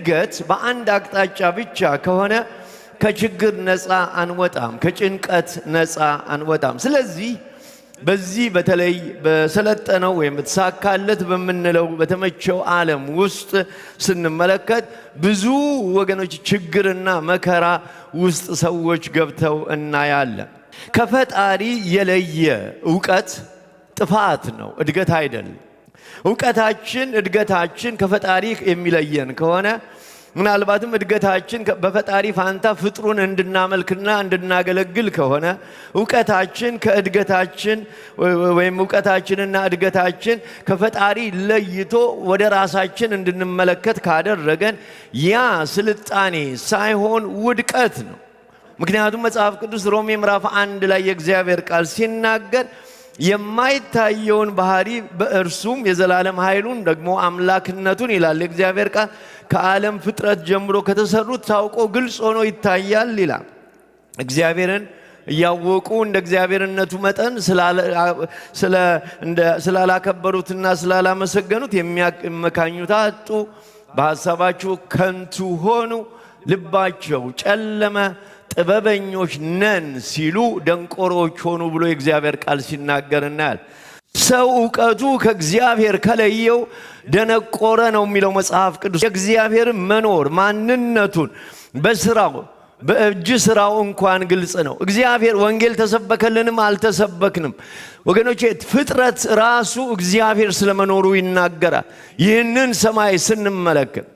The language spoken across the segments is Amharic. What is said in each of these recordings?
እድገት በአንድ አቅጣጫ ብቻ ከሆነ ከችግር ነፃ አንወጣም፣ ከጭንቀት ነፃ አንወጣም። ስለዚህ በዚህ በተለይ በሰለጠነው ወይም በተሳካለት በምንለው በተመቸው ዓለም ውስጥ ስንመለከት ብዙ ወገኖች ችግርና መከራ ውስጥ ሰዎች ገብተው እናያለን። ከፈጣሪ የለየ እውቀት ጥፋት ነው፣ እድገት አይደለም። እውቀታችን እድገታችን ከፈጣሪ የሚለየን ከሆነ ምናልባትም እድገታችን በፈጣሪ ፋንታ ፍጥሩን እንድናመልክና እንድናገለግል ከሆነ እውቀታችን ከእድገታችን ወይም እውቀታችንና እድገታችን ከፈጣሪ ለይቶ ወደ ራሳችን እንድንመለከት ካደረገን ያ ስልጣኔ ሳይሆን ውድቀት ነው። ምክንያቱም መጽሐፍ ቅዱስ ሮሜ ምዕራፍ አንድ ላይ የእግዚአብሔር ቃል ሲናገር የማይታየውን ባህሪ በእርሱም የዘላለም ኃይሉን ደግሞ አምላክነቱን ይላል የእግዚአብሔር ቃል ከዓለም ፍጥረት ጀምሮ ከተሰሩት ታውቆ ግልጽ ሆኖ ይታያል ይላል። እግዚአብሔርን እያወቁ እንደ እግዚአብሔርነቱ መጠን ስላላከበሩትና ስላላመሰገኑት የሚያመካኙት አጡ። በሐሳባችሁ ከንቱ ሆኑ፣ ልባቸው ጨለመ ጥበበኞች ነን ሲሉ ደንቆሮዎች ሆኑ ብሎ የእግዚአብሔር ቃል ሲናገር ሰው እውቀቱ ከእግዚአብሔር ከለየው ደነቆረ ነው የሚለው መጽሐፍ ቅዱስ። የእግዚአብሔር መኖር ማንነቱን በስራው በእጅ ስራው እንኳን ግልጽ ነው። እግዚአብሔር ወንጌል ተሰበከልንም አልተሰበክንም፣ ወገኖቼ ፍጥረት ራሱ እግዚአብሔር ስለመኖሩ ይናገራል። ይህንን ሰማይ ስንመለከት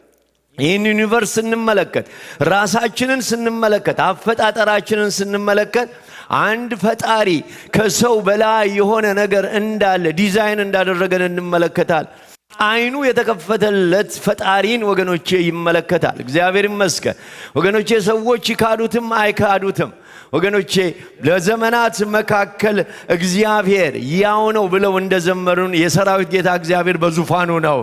ይህን ዩኒቨርስ ስንመለከት ራሳችንን ስንመለከት አፈጣጠራችንን ስንመለከት አንድ ፈጣሪ ከሰው በላይ የሆነ ነገር እንዳለ ዲዛይን እንዳደረገን እንመለከታል። አይኑ የተከፈተለት ፈጣሪን ወገኖቼ ይመለከታል። እግዚአብሔር ይመስገን ወገኖቼ። ሰዎች ይካዱትም አይካዱትም ወገኖቼ ለዘመናት መካከል እግዚአብሔር ያው ነው ብለው እንደዘመሩን የሰራዊት ጌታ እግዚአብሔር በዙፋኑ ነው።